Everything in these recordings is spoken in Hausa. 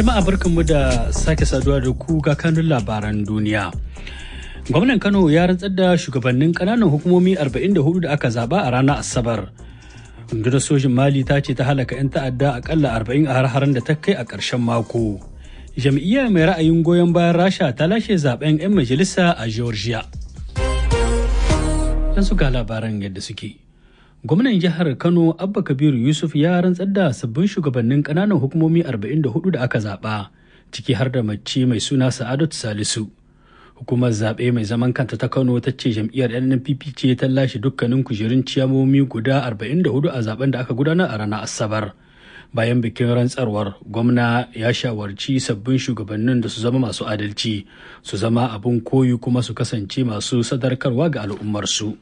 Jama'a barkanmu da sake saduwa da ku ga kanun labaran duniya. Gwamnan Kano ya rantsar da shugabannin kananan hukumomi 44 da aka zaba a ranar Asabar. Rundunar sojin Mali ta ce ta halaka 'yan ta'adda akalla 40 a har-haren da ta kai a ƙarshen mako. Jam'iyyar mai ra'ayin goyon bayan Rasha ta lashe zaben 'yan majalisa a Georgia. Yanzu ga labaran yadda suke. Gwamnan jihar Kano Abba Kabiru Yusuf ya rantsar da sabbin shugabannin ƙananan hukumomi 44 da aka zaɓa, ciki har da mace mai suna Sa'adatu Salisu. Hukumar zaɓe mai zaman kanta ta Kano ta ce jam'iyyar NNPP ce ta lashe dukkanin kujerun ciyamomi guda 44 a zaben da aka gudanar a ranar Asabar. Bayan bikin rantsarwar, gwamna ya shawarci sabbin shugabannin da su zama masu adalci, su zama abin koyi kuma su kasance masu sadarkarwa ga al'ummarsu.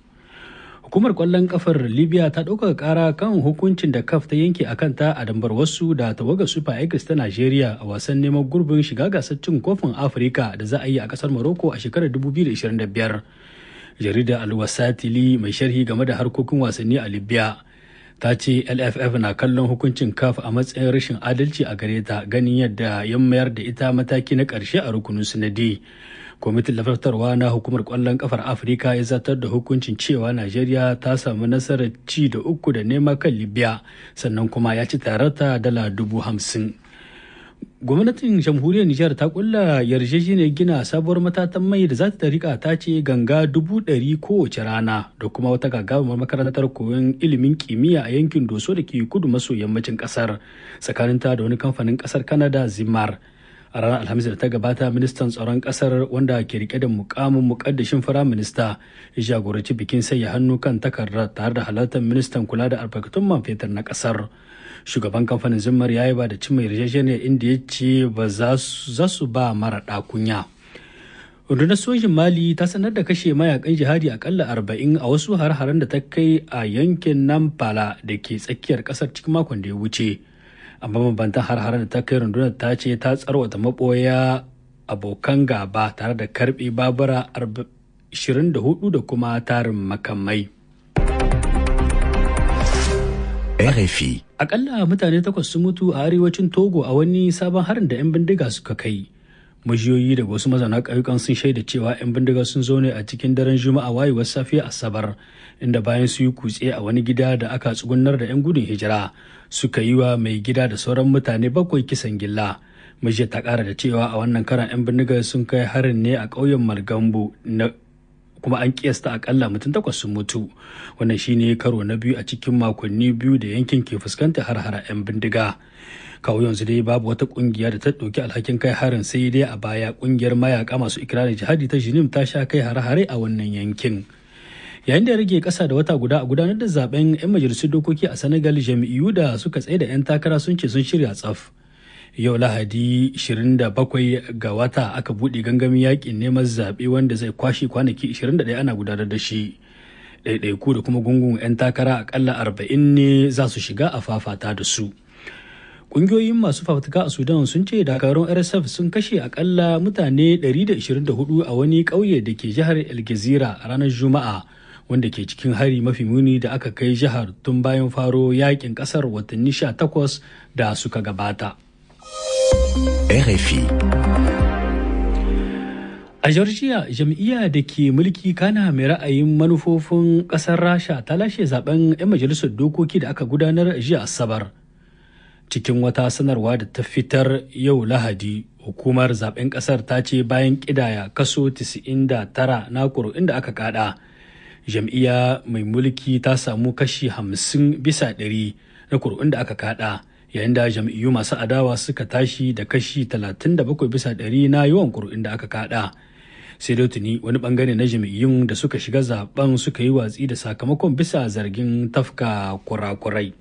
Hukumar kwallon kafar Libya ta ɗaukaka kara kan hukuncin da kaf ta yanke a kanta a dambar wasu da tawaga Super Eagles ta Najeriya a wasan neman gurbin shiga gasar cin kofin Afirka da za a yi a ƙasar Morocco a shekarar 2025. Jarida Alwasatili mai sharhi game da harkokin wasanni a Libya ta ce LFF na kallon hukuncin kaf a matsayin rashin adalci a gare ta ganin yadda ya mayar da ita mataki na ƙarshe a rukunin sinadi. kwamitin lafartarwa na hukumar kwallon kafar afirka ya zartar da hukuncin cewa najeriya ta samu nasarar ci da uku da nema kan libya sannan kuma ya ci tararta dala dubu hamsin gwamnatin jamhuriyar nijar ta kulla yarjejeniyar gina sabuwar matatan mai da za ta rika ta ce ganga dubu ɗari kowace rana da kuma wata gagarumar makarantar koyon ilimin kimiyya a yankin doso da ke kudu maso yammacin kasar tsakaninta da wani kamfanin kasar canada zimar a ranar alhamis da ta gabata ministan tsaron kasar wanda ke rike da mukamin mukaddashin firaminista ya jagoranci bikin sanya hannu kan takardar tare da halartar ministan kula da albarkatun man fetur na kasar shugaban kamfanin zimmar ya yi ba da cin mai yarjejeniyar inda ya ce ba za su ba mara ɗakunya. rundunar sojin mali ta sanar da kashe mayakan jihadi akalla arba'in a wasu har-haren da ta kai a yankin nampala da ke tsakiyar kasar cikin makon da ya wuce amma mabanta har-har da ta kai rundunar ta ce ta tsarwata maɓoya abokan gaba tare da karɓe babura 24 da kuma tarin makamai. RFI. Akalla mutane takwas sun mutu a arewacin Togo a wani sabon harin da 'yan bindiga suka kai. majiyoyi daga wasu mazauna ƙauyukan sun shaida cewa 'yan bindiga sun zo ne a cikin daren juma'a wayewar safiya asabar inda bayan su yi kutse a wani gida da aka tsugunar da 'yan gudun hijira suka yi wa mai gida da sauran mutane bakwai kisan gilla majiyar ta kara da cewa a wannan karan 'yan bindiga sun kai harin ne a ƙauyen margambo kuma an kiyasta akalla mutum takwas sun mutu wannan shine karo na biyu a cikin makonni biyu da yankin ke fuskanta har hara 'yan bindiga kawo yanzu dai babu wata kungiya da ta ɗauki alhakin kai harin sai dai a baya kungiyar mayaka masu ikirarin jihadi ta jinim ta sha kai hare-hare a wannan yankin yayin da ya rage kasa da wata guda a gudanar da zaben 'yan majalisun dokoki a senegal jami'u da suka tsaye da 'yan takara sun ce sun shirya tsaf yau lahadi 27 ga wata aka buɗe gangamin yakin neman zaɓe wanda zai kwashe kwanaki 21 ana gudanar da shi ɗaiɗaiku da kuma gungun 'yan takara akalla 40 ne za su shiga a fafata da su ƙungiyoyin masu fafatuka a sudan sun ce dakarun rsf sun kashe akalla mutane 124 a wani ƙauye da ke jihar el ranar juma'a wanda ke cikin hari mafi muni da aka kai jihar tun bayan faro yakin ƙasar watanni 18 da suka gabata RFI. A Georgia, jam'iyya da ke mulki kana mai ra'ayin manufofin ƙasar Rasha ta lashe zaben 'yan majalisar dokoki da aka gudanar jiya Asabar. Cikin wata sanarwa da ta fitar yau Lahadi, hukumar zaben ƙasar ta ce bayan ƙidaya kaso 99 na ƙuri'un da aka kada. Jam'iyya mai mulki ta samu kashi 50 bisa 100 na ƙuri'un da aka kada. yayin da jam'iyyu masu adawa suka tashi da kashi 37 bisa ɗari na yawan ƙuri'un da aka kaɗa sai dai tuni wani bangare na jam'iyyun da suka shiga zaben suka yi watsi da sakamakon bisa zargin tafka kurakurai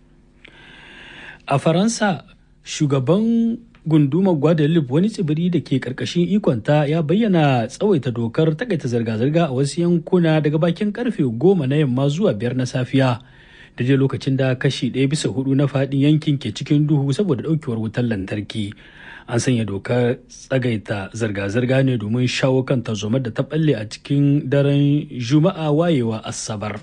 a faransa shugaban gundumar guadeloupe wani tsibiri da ke karkashin ikonta ya bayyana tsawaita dokar takaita zirga-zirga a wasu yankuna daga bakin karfe goma na yamma zuwa biyar na safiya je lokacin da kashi ɗaya bisa hudu na faɗin yankin ke cikin duhu saboda ɗaukewar wutar lantarki an sanya dokar tsagaita zirga-zirga ne domin shawo kan tarzoma da ta balle a cikin daren juma'a wayewa asabar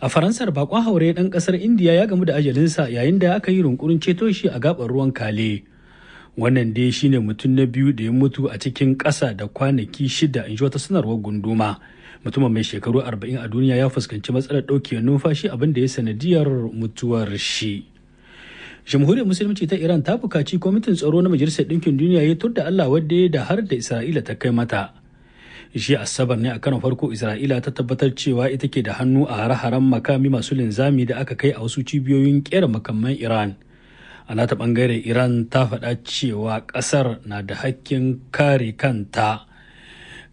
a faransar bakon haure ɗan ƙasar indiya ya gamu da ajalinsa yayin da aka yi runkurin ceto shi a gabar ruwan kale wannan dai shine mutum na biyu da ya mutu a cikin ƙasa da kwanaki shida in ji wata sanarwar gunduma mutumin mai shekaru arba'in a duniya ya fuskanci matsalar ɗaukewar numfashi abin da ya sanadiyar mutuwar shi jamhuriyar musulunci ta iran ta bukaci kwamitin tsaro na majalisar ɗinkin duniya ya tur da allah wadda da har da isra'ila ta kai mata shi asabar ne a karon farko isra'ila ta tabbatar cewa ita ke da hannu a hare-haren makami masu linzami da aka kai a wasu cibiyoyin kera makaman iran a nata bangare iran ta faɗa cewa ƙasar na da hakkin kare kanta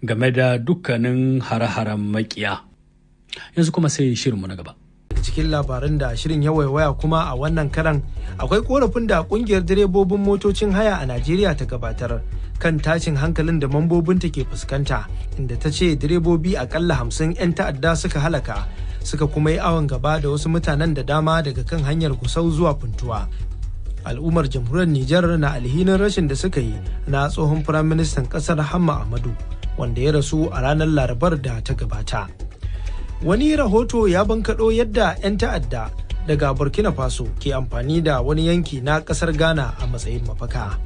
game da dukkanin hare-haren makiya yanzu kuma sai shirinmu na gaba cikin labarin da shirin ya waya kuma a wannan karan akwai korafin da kungiyar direbobin motocin haya a najeriya ta gabatar kan tashin hankalin da mambobinta ke fuskanta inda ta ce direbobi akalla hamsin 'yan ta'adda suka halaka suka kuma yi awon gaba da wasu mutanen da dama daga kan hanyar kusau zuwa funtuwa al'ummar jamhuriyar nijar na alhinin rashin da suka yi na tsohon firaministan ƙasar hamma ahmadu wanda ya rasu a ranar larabar da ta gabata wani rahoto ya bankaɗo yadda 'yan ta'adda daga burkina faso ke amfani da wani yanki na ƙasar ghana a matsayin mafaka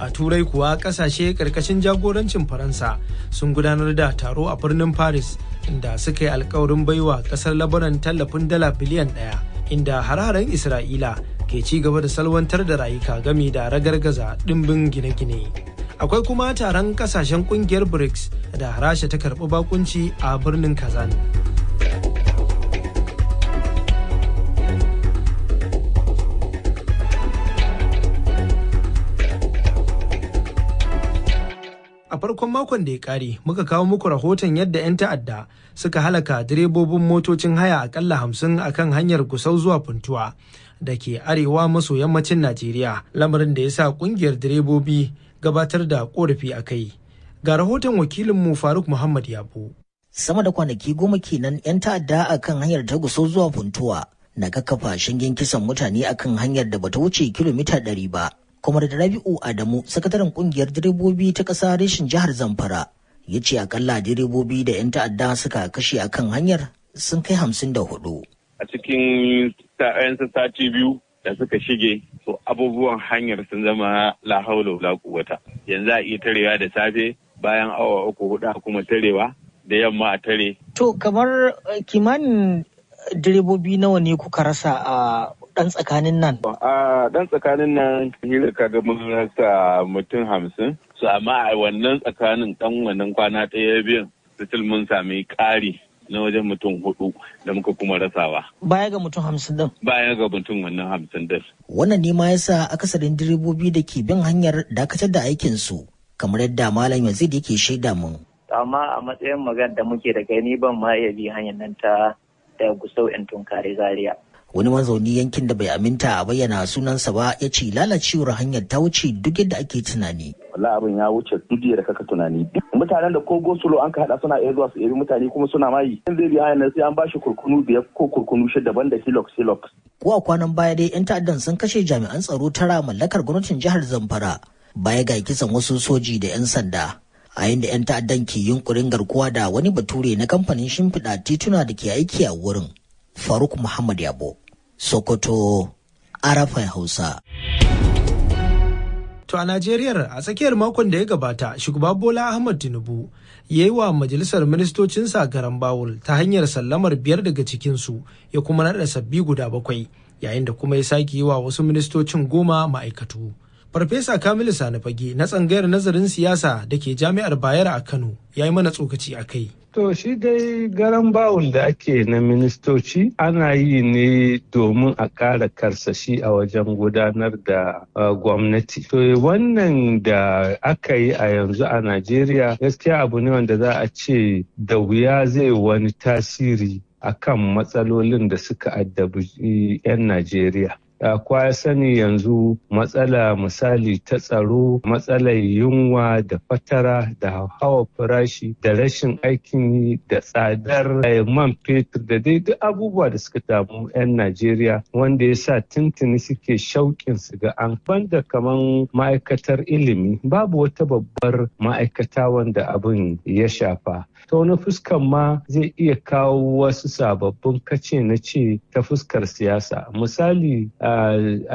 a turai kuwa ƙasashe ƙarƙashin jagorancin faransa sun gudanar da taro a birnin paris inda suka yi alkawarin baiwa ƙasar labaran tallafin dala biliyan ɗaya inda hararen isra'ila ke ci gaba da salwantar da rayuka gami da ragargaza ɗimbin gine-gine akwai kuma taron kasashen kungiyar brics da rasha ta karɓi bakunci a birnin kazan a farkon makon da ya kare muka kawo muku rahoton yadda 'yan ta'adda suka halaka direbobin motocin haya akalla hamsin a kan hanyar kusau zuwa puntuwa da ke arewa maso yammacin najeriya lamarin da ya sa kungiyar direbobi gabatar da korafi a kai ga rahoton wakilinmu faruk muhammad yabo sama da kwanaki goma kenan 'yan ta'adda a kan hanyar taguso zuwa funtuwa na kakkafa shingen kisan mutane a kan hanyar da bata wuce kilomita ɗari ba kuma da rabi'u adamu sakataren kungiyar direbobi ta ƙasa reshin jihar zamfara ya ce akalla direbobi da 'yan ta'adda suka kashe a kan hanyar sun kai hamsin da hudu a cikin 'yan sati biyu da suka shige to abubuwan hanyar sun zama la haula la quwwata yanzu a iya tarewa da safe bayan awa uku hudu kuma tarewa da yamma a tare to kamar eh, kimanin eh, direbobi nawa ne kuka rasa a dan tsakanin nan a dan tsakanin nan hira ka ga mun rasa mutum hamsin su amma a wannan tsakanin dan wannan kwana ɗaya biyan sitil mun sami ƙari na wajen mutum hudu da muka kuma rasawa. Baya ga mutum hamsin din. Baya ga mutum wannan hamsin din. Wannan ne ma sa akasarin direbobi da ke bin hanyar dakatar da aikinsu kamar yadda Malam Yazid yake shaida mun. Amma a matsayin magana da muke da kai ban ma iya bi hanyar nan ta da gusau in tunkare zaria. wani mazauni yankin da bai aminta a bayyana sunansa ba ya ce lalacewar hanyar ta wuce duk yadda ake tunani wallahi abin ya wuce duk yadda kaka tunani mutanen da ko gosulo an ka hada suna iya zuwa su iri mutane kuma suna mayi in zai biya yanar sai an ba shi kurkunu biyar ko kurkunu daban da da hilux ko a kwanan baya dai yan ta'addan sun kashe jami'an tsaro tara mallakar gwamnatin jihar zamfara baya ga kisan wasu soji da yan sanda a yin da 'yan ta'addan ke yunkurin garkuwa da wani bature na kamfanin shimfiɗa tituna da ke aiki a wurin Faruk Muhammad Yabo, Sokoto, arafa Hausa. To a Najeriya a tsakiyar makon da ya gabata shugaba Bola Ahmad Tinubu ya yi wa majalisar ministocinsa garan bawul ta hanyar sallamar biyar daga cikinsu ya kuma naɗa sabbi guda bakwai yayin da kuma ya sake yi wa wasu ministocin goma ma'aikatu. Farfesa Kamilu Sanifage na tsangayar nazarin siyasa da ke jami'ar Bayero a Kano ya yi mana tsokaci a kai. To shi dai garan bawul da ake na ministoci ana yi ne domin a ƙara karsashi a wajen gudanar da gwamnati. To wannan da aka yi a yanzu a Najeriya gaskiya abu ne wanda za a ce da wuya zai wani tasiri akan matsalolin da suka addabi eh, 'yan Najeriya. kwa ya sani yanzu matsala misali ta tsaro matsalar yunwa da fatara da hawa farashi da rashin aikin yi da tsadar eh, man fetur da dai duk abubuwa da suka damu 'yan najeriya wanda ya sa tuntuni suke shauƙin su ga an banda kaman ma'aikatar ilimi babu wata babbar ma'aikata wanda abin ya shafa ta wani fuskan ma zai iya kawo wasu sababbin kace na ce ta fuskar siyasa misali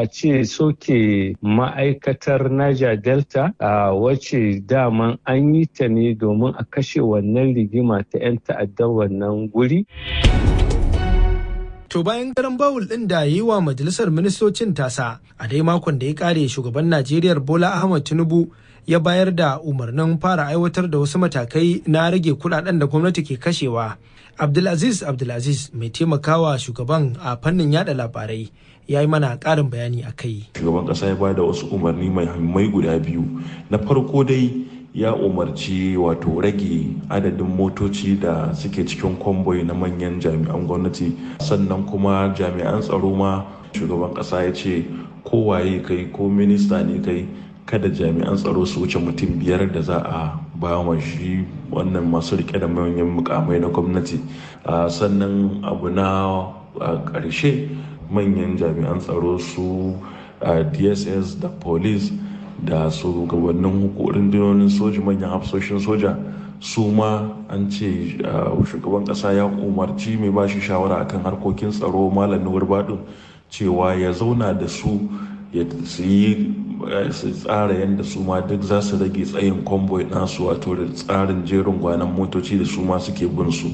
a ce soke ma'aikatar Niger Delta wacce daman an yi ta ne domin a kashe wannan rigima ta 'yan ta'addar wannan guri. To bayan garin bawul ɗin da yi wa majalisar ministocin tasa a dai makon da ya kare shugaban Najeriya Bola Ahmad Tinubu ya bayar da umarnin fara aiwatar da wasu matakai na rage kudaden da gwamnati ke kashewa. Abdulaziz Abdulaziz mai taimakawa shugaban a fannin yada labarai ya yi mana ƙarin bayani a kai. Shugaban ƙasa ya bada wasu umarni mai guda biyu. Na farko dai ya umarci wato rage adadin motoci da suke cikin kwamboi na manyan jami'an gwamnati sannan kuma jami'an tsaro ma shugaban ƙasa ya ce kowaye kai ko minista ne kai kada jami'an tsaro su wuce mutum biyar da za a ba wa shi wannan masu rike da manyan mukamai na gwamnati ah, sannan abu na karshe. Ah, manyan jami'an tsaro su dss da police da su gabanin rundunonin soji manyan hafsoshin soja su ma an ce shugaban kasa ya umarci mai bashi shawara akan harkokin tsaro malam nuwar cewa ya zauna da su ya yi su tsara yadda su ma duk za su rage tsayin kwamboy nasu wato da tsarin jerin gwanan motoci da su ma suke bin su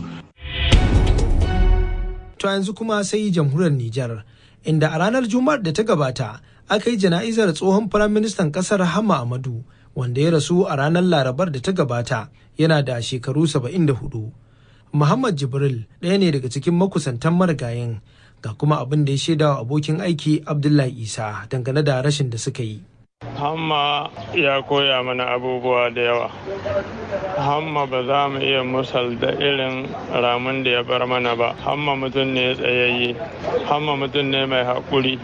To yanzu kuma sai jamhuriyar Nijar, inda a ranar Juma'ar da ta gabata aka yi jana'izar tsohon firaministan ƙasar Hama Amadu, wanda ya rasu a ranar Larabar da ta gabata yana da shekaru saba'in da hudu. Muhammad Jibril ɗaya ne daga cikin makusantan marigayin ga kuma abin da ya shaidawa abokin aiki Abdullahi Isa dangane da rashin da suka yi. Hamma ya koya mana abubuwa da yawa. Hamma ba za mu iya musal da irin ramun da ya bar mana ba. Hamma mutum ne tsayayye, hamma mutum ne mai haƙuri,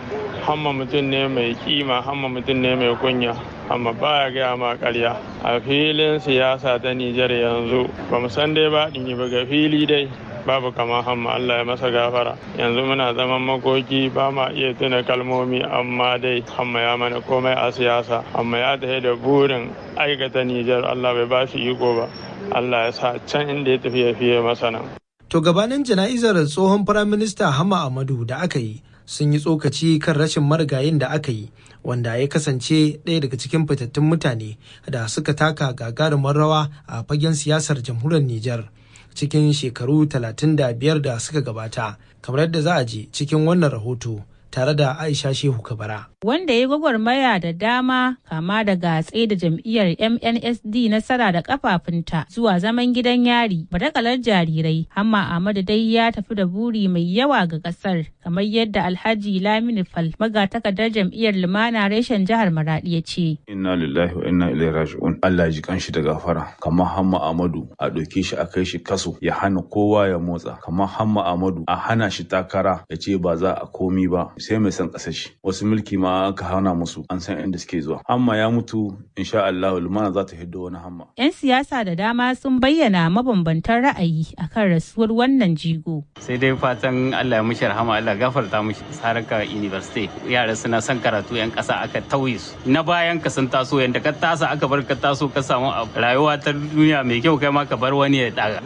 hamma mutum ne mai kima, hamma mutum ne mai kunya. amma ba ya gaya ma karya a filin siyasa ta Nijar yanzu ba mu san dai ba ɗin ba ga fili dai babu kamar hamma Allah ya masa gafara yanzu muna zaman makoki ba ma iya tuna kalmomi amma dai hamma ya mana komai a siyasa amma ya tafi da burin aikata Nijar Allah bai ba shi iko ba Allah ya sa can inda ya tafi ya fiye masa nan. To gabanin jana'izar tsohon firaminista hamma Amadu da aka yi sun yi tsokaci kan rashin marigayin da aka yi wanda ya kasance ɗaya daga cikin fitattun mutane da suka taka gagarumar rawa a fagen siyasar jamhuriyar Nijar. cikin shekaru 35 da suka gabata kamar yadda za a ji cikin wannan rahoto tare da Aisha Shehu Kabara. Wanda ya gwagwarmaya da dama kama daga tsaye da jam'iyyar MNSD nasara da kafafunta zuwa zaman gidan yari badakalar jarirai hamma Ahmadu dai ya tafi da buri mai yawa ga kasar kamar yadda Alhaji Lamini Fal magatakardar jam'iyyar Lumana reshen jihar Maradi ya ce. Inna lillahi wa inna ilaihi raji'un Allah ji kanshi da gafara kamar hamma Ahmadu a ɗauke shi a kai shi kaso ya hana kowa ya motsa kamar hamma Ahmadu a hana shi takara ya ce ba za a komi ba sai mai san ƙasar shi wasu mulki ma ka hana musu an san inda suke zuwa hamma ya mutu insha Allah lumana za ta hiddo wani hamma yan siyasa da dama sun bayyana mabambantan ra'ayi akan rasuwar wannan jigo sai dai fatan Allah ya mushi rahama Allah gafarta mushi saraka university yara suna son karatu yan ƙasa aka tauye su na bayan ka sun taso yanda ka tasa aka bar ka taso ka samu rayuwa ta duniya mai kyau kai ma ka bar wani ya daga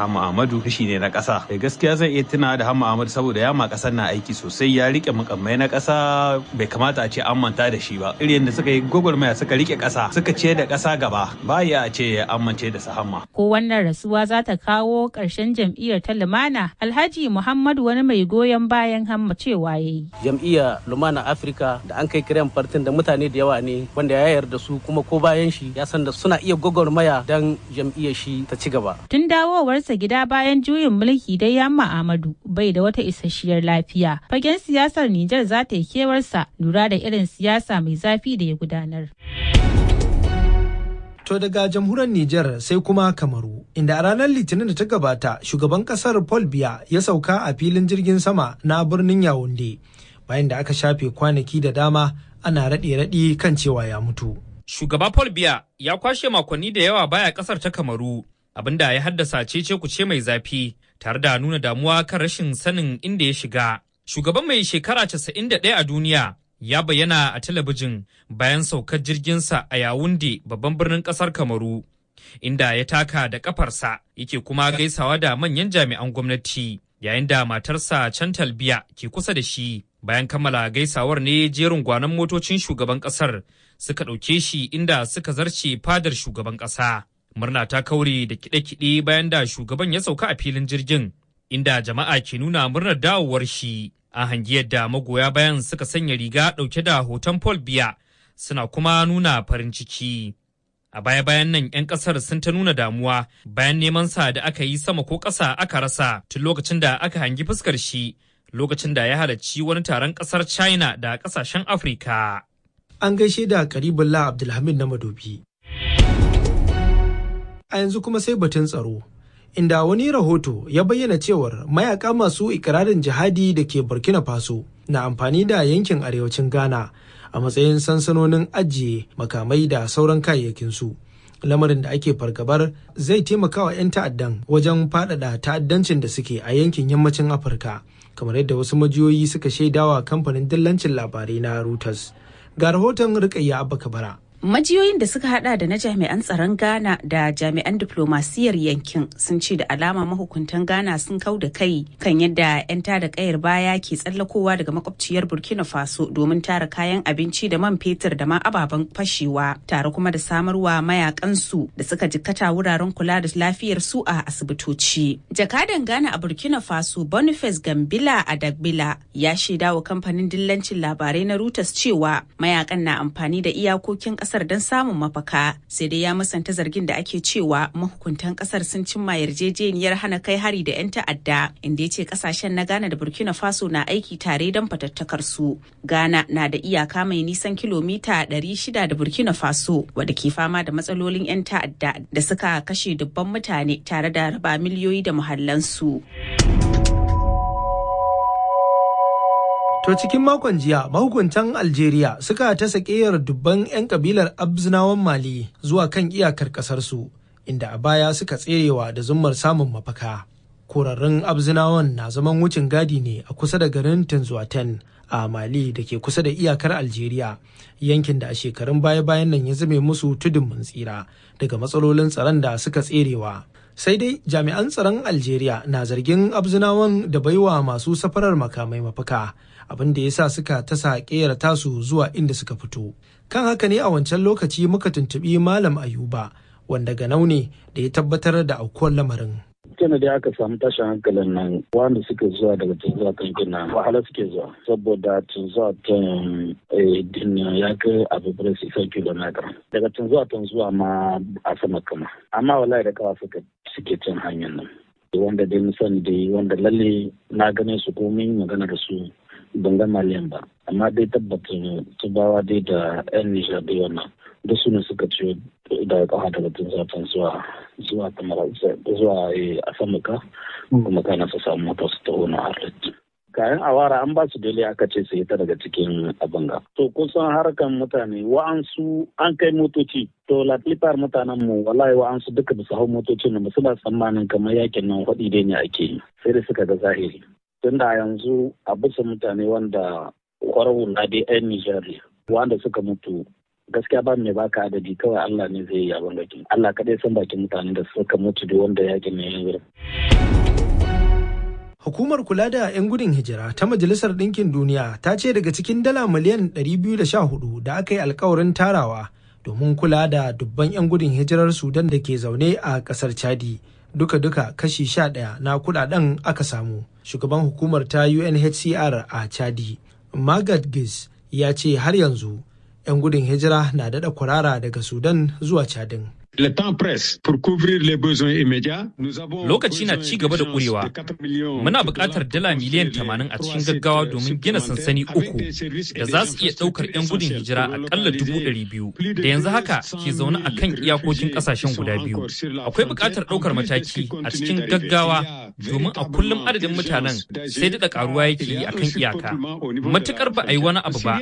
hama Ahmadu shi ne na ƙasa eh, gaskiya zai iya tuna da hama Ahmadu saboda yama ƙasar na aiki sosai ya rike mukammai na ƙasa bai kamata a ce an manta da shi ba irin da suka yi gwagwarmaya suka rike ƙasa suka ce da ƙasa gaba ba ya ce an amince da sahamma. ko wannan rasuwa za ta kawo ƙarshen jam'iyyar ta lumana alhaji muhammadu wani mai goyon bayan hamma cewa ya yi. jam'iyyar lumana afirka da an kai kiran fartin da mutane da yawa ne wanda ya yarda su kuma ko bayan shi ya san da suna iya gwagwarmaya don jam'iyyar shi ta ci gaba. tun dawowarsa gida bayan juyin mulki dai yamma amadu bai da wata isasshiyar lafiya fagen siyasar Nijar za ta yi kewarsa lura da irin siyasa mai zafi da ya gudanar. To daga jamhuriyar Nijar sai kuma Kamaru, inda a ranar Litinin da ta gabata shugaban kasar Paul Biya ya sauka a filin jirgin sama na birnin yawunde bayan da aka shafe kwanaki da dama ana raɗe raɗe kan cewa ya mutu. Shugaba Paul Biya ya kwashe makonni da yawa baya kasar ta Kamaru, abinda ya haddasa cece ce mai zafi tare da nuna damuwa kan rashin sanin inda ya shiga. shugaban mai shekara 91 a duniya ya bayyana a talabijin bayan saukar jirginsa a Yawunde babban birnin kasar Kamaru, inda ya taka da kafarsa yake kuma gaisawa da manyan jami'an gwamnati yayin da matarsa Chantal Biya ke kusa da shi. Bayan kammala gaisawar ne jerin gwanon motocin shugaban kasar suka ɗauke shi inda suka zarce fadar shugaban ƙasa. Murna ta kaure da kide-kide bayan da shugaban ya sauka a filin jirgin inda jama'a ke nuna murnar dawowar shi a hangiyar da magoya bayan suka sanya riga ɗauke da hoton Paul Biya suna kuma nuna farin ciki. A baya-bayan nan 'yan ƙasar sun ta nuna damuwa bayan neman sa da aka yi sama ko ƙasa aka rasa tun lokacin da aka hangi fuskar shi lokacin da ya halarci wani taron ƙasar China da ƙasashen Afirka. An gaishe da Karibullah Abdulhamid na Madobi. A yanzu kuma sai batun tsaro. inda wani rahoto ya bayyana cewar mayaka masu ikirarin jihadi da ke burkina faso na amfani da yankin arewacin ghana a matsayin sansanonin ajiye makamai da sauran kayayyakin su. lamarin da ake fargabar zai taimakawa 'yan ta'addan wajen faɗaɗa ta'addancin da suke a yankin yammacin afirka kamar yadda wasu majiyoyi suka shaidawa kamfanin dillancin labarai na reuters ga rahoton rikayya abba kabara majiyoyin da suka hada da na jami'an tsaron ghana da jami'an diflomasiyyar yankin sun ce da alama mahukuntan ghana sun kau da kai kan yadda 'yan tada kayar baya ke tsallakowa daga makwabciyar burkina faso domin tara kayan abinci da man fetur da ma ababen fashewa tare kuma da samarwa mayakansu da suka jikkata wuraren kula da lafiyar su a asibitoci jakadan ghana a burkina faso boniface gambila a dagbila ya shaida wa kamfanin dillancin labarai na reuters cewa mayakan na amfani da iyakokin kasar don samun mafaka sai dai ya musanta zargin da ake cewa mahukuntan kasar sun cimma yarjejeniyar hana kai hari da 'yan ta'adda inda ya ce kasashen na ghana da burkina faso na aiki tare don fatattakar su ghana na da iyaka mai nisan kilomita 600 da burkina faso wadda ke fama da matsalolin 'yan ta'adda da suka kashe dubban mutane tare da raba miliyoyi da muhallansu. To cikin makon jiya mahukuntan Algeria suka ta sakeyar dubban 'yan kabilar Abzinawan Mali zuwa kan iyakar ƙasarsu inda a baya suka tserewa da zummar samun mafaka. Korarrun Abzinawan na zaman wucin gadi ne a kusa da garin Tanzuaten a Mali da ke kusa da iyakar Algeria yankin da a shekarun baya-bayan nan ya zame musu tudun mun tsira daga matsalolin tsaron da suka tserewa. sai dai jami'an tsaron algeria na zargin abzinawan da baiwa masu safarar makamai mafaka abin da ya sa suka tasa ƙera tasu zuwa inda suka fito kan haka ne a wancan lokaci muka tuntuɓi malam ayuba wanda ganau ne da ya tabbatar da aukuwar lamarin kana da aka samu tashin hankalin nan wanda suke zuwa daga tunzuwa kankana wahala suke zuwa saboda tunzuwa tun eh, din ya kai a bibir sisar kilomita daga tunzuwa tunzuwa ma a sama kama amma wala da kawa suke cin hanyar nan wanda dai musan da wanda lalle na gane su yi magana da su ban ga maliyan ba amma dai tabbatar tubawa dai da yan nijar da wannan duk su ne suka ciwo da daga tun zafin zuwa zuwa zuwa eh, a samuka mm. kuma kana su samu mota su taho na harlet kayan awara an ba su dole aka ce su ta daga cikin abin ga to kusan harkan mutane wa'ansu an kai motoci to la mutanen mu wallahi wa'ansu duka bisa hau motocin da ba tsammanin kamar yakin nan hudi dai ne ake yi sai da suka ga zahiri tunda yanzu a bisa mutane wanda kwarwun na dai 'yan Nijar wanda suka mutu gaskiya ba mai baka adadi kawai Allah ne zai yi abin Allah kadai san bakin mutane da suka mutu da wanda yakin ne ya Hukumar kula da 'yan gudun hijira ta Majalisar Ɗinkin Duniya ta ce daga cikin dala miliyan ɗari 214 da aka yi alkawarin tarawa domin kula da dubban 'yan gudun hijirar Sudan da ke zaune a ƙasar Chadi. duka-duka kashi sha 11 na kudaden aka samu shugaban hukumar ta unhcr a chadi margaret gis ya ce har yanzu 'yan gudun hijira na dada kwarara daga sudan zuwa chadin Lokaci na ci gaba da ƙurewa. Muna buƙatar dala miliyan tamanin a cikin gaggawa domin gina sansani uku da za su iya ɗaukar 'yan gudun hijira aƙalla dubu ɗari biyu da yanzu haka ke zaune a kan iyakokin ƙasashen guda biyu. Akwai buƙatar ɗaukar mataki a cikin gaggawa domin a kullum adadin mutanen sai daɗa ƙaruwa yake yi a kan iyaka. Matuƙar ba a yi wani abu ba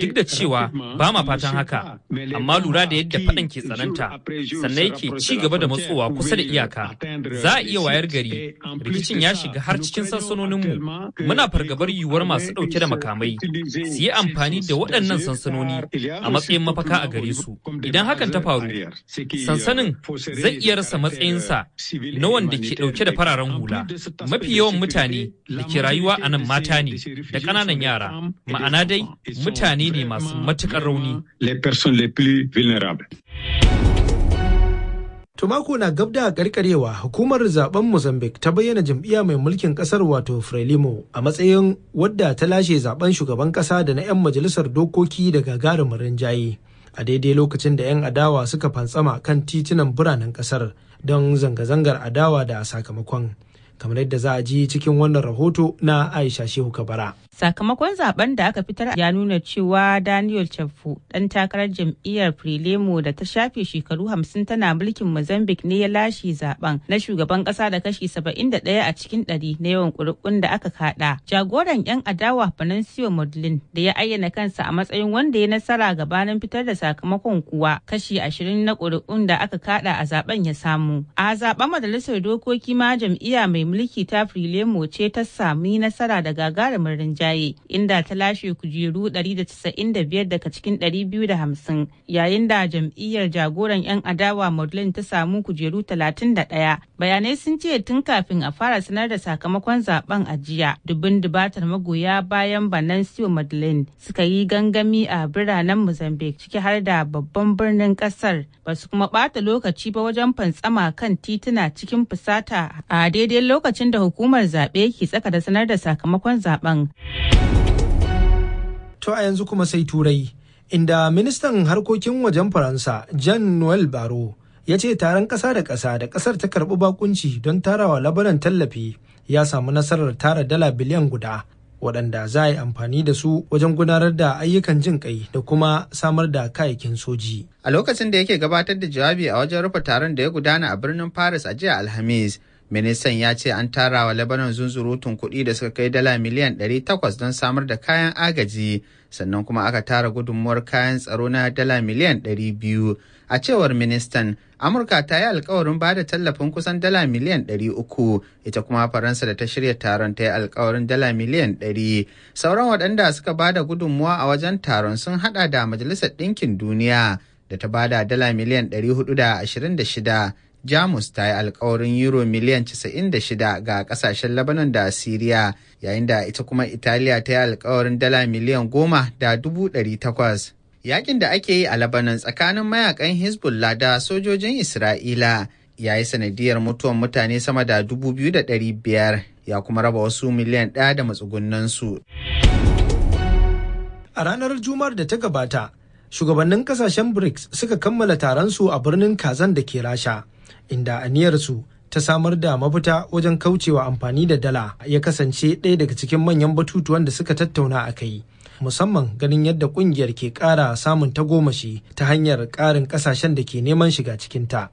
duk da cewa ba ma fatan haka amma lura da yadda faɗan ke tsananta sannan yake ci gaba da matsowa kusa da iyaka za a iya wayar gari rikicin ya shiga har cikin sansanoninmu muna fargabar yiwuwar masu ɗauke da makamai su yi amfani da waɗannan sansanoni a matsayin mafaka a gare su idan hakan ta faru sansanin zai iya rasa matsayinsa na wanda ke ɗauke da fararen hula mafi yawan mutane da ke rayuwa a nan mata ne da ƙananan yara ma'ana dai mutane ne masu matuƙar rauni. les personnes les plus Tumako na gab da karkarewa hukumar zaben Mozambique ta bayyana jam'iyya mai mulkin kasar wato Frelimo a matsayin wadda ta lashe zaben shugaban kasa da na 'yan majalisar dokoki daga gagarumin rinjaye. A daidai lokacin da 'yan adawa suka fantsama kan titunan biranen kasar don zanga-zangar adawa da sakamakon. kamar yadda za a ji cikin wannan rahoto na aisha shehu kabara sakamakon zaben da aka fitar ya nuna cewa daniel chafu dan takarar jam'iyyar frelimo da ta shafe shekaru hamsin tana mulkin mozambique ne ya lashe zaben na shugaban kasa da kashi saba'in da 71 a cikin ɗari na yawan kurkun da aka kada jagoran yan adawa Venancio Modlin da ya ayyana kansa a matsayin wanda ya nasara gabanin fitar da sakamakon kuwa kashi ashirin na kurkun da aka kada a zaben ya samu a zaben majalisar dokoki ma jam'iyya mai mai mulki ta Frelimo ce ta sami nasara da gagarumin rinjaye inda ta lashe kujeru 195 daga cikin 250 yayin da jam'iyyar jagoran 'yan adawa Modlin ta samu kujeru 31. Bayanai sun ce tun kafin a fara sanar da sakamakon zaben a jiya dubin dubatar magoya bayan banan Banancio Madeleine suka yi gangami a biranen Mozambique ciki har da babban birnin kasar ba su kuma bata lokaci ba wajen fantsama kan tituna cikin fusata a daidai lokacin da hukumar zaɓe ke tsaka da sanar da sakamakon zaben. To a yanzu kuma sai turai, inda ministan harkokin wajen Faransa Jean Noel Baro ya ce taron ƙasa da ƙasa da ƙasar ta karɓi bakunci don tarawa labaran tallafi ya samu nasarar tara dala biliyan guda waɗanda za a yi amfani da su wajen gudanar da ayyukan jin kai da kuma samar da kayayyakin soji. A lokacin da yake gabatar da jawabi a wajen rufe taron da ya gudana a birnin Paris a jiya Alhamis, Ministan ya ce an tara wa Lebanon zunzurutun kuɗi da suka kai dala miliyan 800 don samar da kayan agaji, sannan kuma aka tara gudunmuwar kayan tsaro na dala miliyan 200. A cewar ministan, Amurka ta yi alkawarin ba da tallafin kusan dala miliyan 300, ita kuma Faransa da ta shirya taron ta yi alkawarin dala miliyan 100. Sauran waɗanda suka ba da gudunmuwa a wajen taron sun hada da Majalisar Ɗinkin Duniya. da ta ba da dala miliyan 426 Jamus ta yi alkawarin euro miliyan 96 ga kasashen Lebanon da Siriya yayin da ita kuma Italiya ta yi alkawarin dala miliyan 10 da 800. Yakin da ake yi a Lebanon tsakanin mayakan Hezbollah da sojojin Isra'ila ya yi sanadiyar mutuwan mutane sama da 2,500 ya kuma raba wasu miliyan ɗaya da matsugunansu. A ranar Juma'ar da ta gabata, shugabannin kasashen BRICS suka kammala taron su a birnin Kazan da ke Rasha. inda aniyarsu ta samar da mafita wajen kaucewa amfani da dala ya kasance ɗaya daga cikin manyan batutuwan da suka tattauna a kai musamman ganin yadda ƙungiyar ke ƙara samun tagomashi ta hanyar ƙarin ƙasashen da ke neman shiga cikinta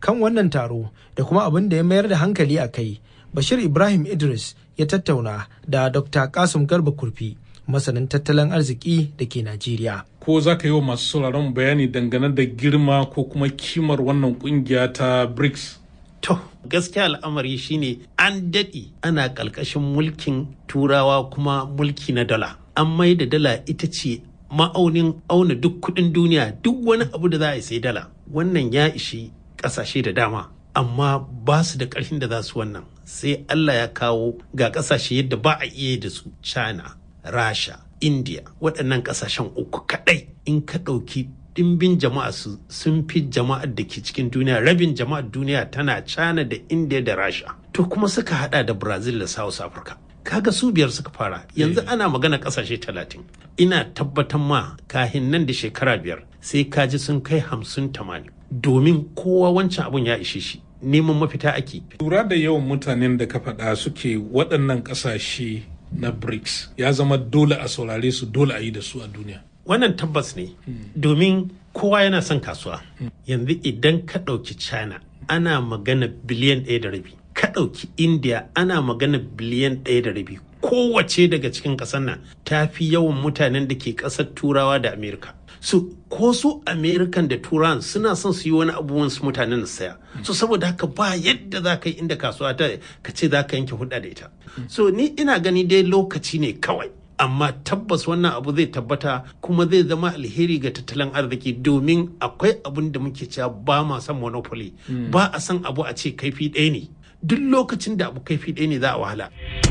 kan wannan taro da kuma abin da ya mayar da hankali a kai bashir ibrahim idris ya tattauna da dr kasim garba kurfi masanin tattalin arziki da ke Najeriya. Ko za ka yi wa masu sauraron bayani dangane da girma ko kuma kimar wannan kungiya ta BRICS? To, gaskiya al'amari shine an daɗe ana ƙalƙashin mulkin turawa kuma mulki na dala. An mai da dala ita ce ma'aunin auna duk kuɗin duniya duk wani abu da za a sai dala. Wannan ya ishi ƙasashe da dama. amma ba su da ƙarfin da za su wannan sai Allah ya kawo ga ƙasashe yadda ba a iya da su China rasha india waɗannan ƙasashen uku kaɗai in ka ɗauki ɗimbin jama'a su sun fi jama'ar da ke cikin duniya rabin jama'ar duniya tana cana da india da rasha to kuma suka haɗa da brazil da south africa kaga su biyar suka fara yanzu eh. ana magana ƙasashe talatin ina tabbatar ma kahin nan da shekara biyar sai kaji sun kai hamsin tamanin domin kowa wancan abun ya ishe shi neman mafita ake. Lura da yawan mutanen da ka faɗa suke waɗannan ƙasashe na brics ya zama dole a saurare su dole a yi da su a duniya wannan tabbas ne domin kowa yana son kasuwa yanzu idan ka ɗauki china ana magana biliyan ɗaya da rabi ka ɗauki india ana magana biliyan ɗaya da rabi kowace daga cikin ƙasar nan ta fi yawan mutanen da ke ƙasar turawa da amerika su ko su american da turan suna son su yi wani abubuwan su mutanen na saya so saboda haka ba yadda za ka yi inda kasuwa ta ka ce za ka yanke hudda da ita so ni ina gani dai lokaci ne kawai amma tabbas wannan abu zai tabbata kuma zai zama alheri ga tattalin arziki domin akwai abun da muke cewa ba ma son monopoly hmm. ba a son abu a ce kaifi ɗaya ne duk lokacin da abu kaifi ɗaya ne za a wahala